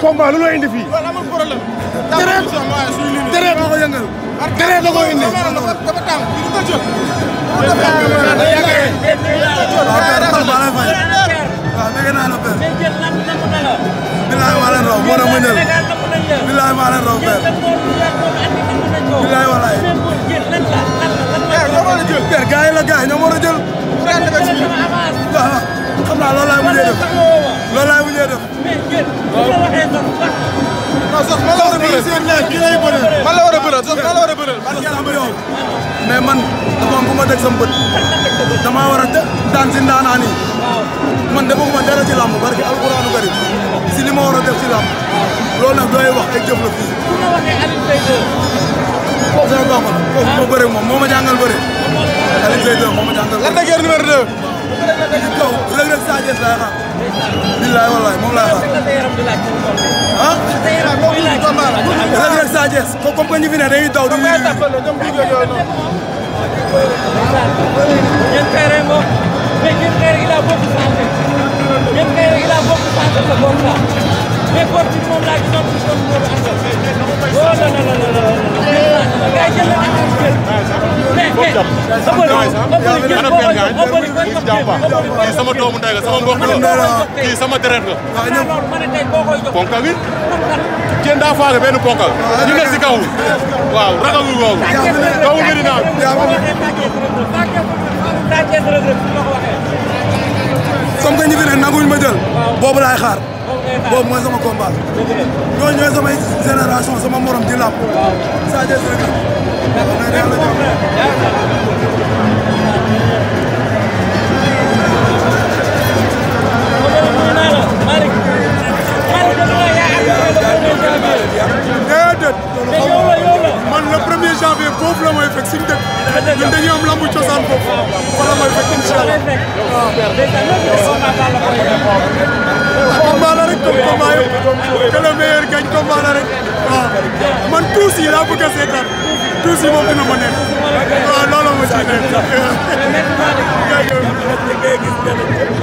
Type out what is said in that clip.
combat lu loo indi fii. tere tere da ko yëngal. tere da ko indi. mais jël lan namm na la. bilaay maa leen raw moo ne muñal bilaay maa leen raw père. bilaay walaay. père ñoo war a jël. père gars yi la gars yi ñoo war a jël. Ah, xam naa loolu laay mujjee def loolu laay mujjee def. non sax man la war a bëreel man la war a bëreel sax man la war a bëreel. man la war a bëreel. mais man dafa am bu ma teg sama bët. damaa war a daan si ndaanaan yi. man defuma dara ci làmb barki alxuraanu karim si li ma war a def ci làmb loolu nag dooy wax ay la fii. bu nga waxee Alioune Seye 2. foofu sama baaxoon foofu ma bëree moom moo ma jàngal bëree. Alioune Seye 2 moo ma la guerre numéro 2. ci kaw rek rek Sa Thiès laay xaar. billaay wallaay moom laay xaar. boca santa. Nem quero ir à boca santa da boca. Nem continuo lá que não estou no meu lado. Oh, não, não, não, não, não. Gaja lá na kii sama doomu ndey la sama mbokk la kii sama deret la ponkal yi kenn daa faale benn ponkal ñu ne si kaw waaw ragalul loolu kaw nga di naan comme ñu fi ne nanguñ ma jël bobu lay xaar bobu moy sama combat ñooñu ñooy sama génération sama morom di làmb Sa Thiès rek foofu la may fekk suñu dëkk. ñun dañuy am lambu cosaan foofu. fa la may fekk incha allah la rek comme combat ah, man tuus laa bëgg a seetaan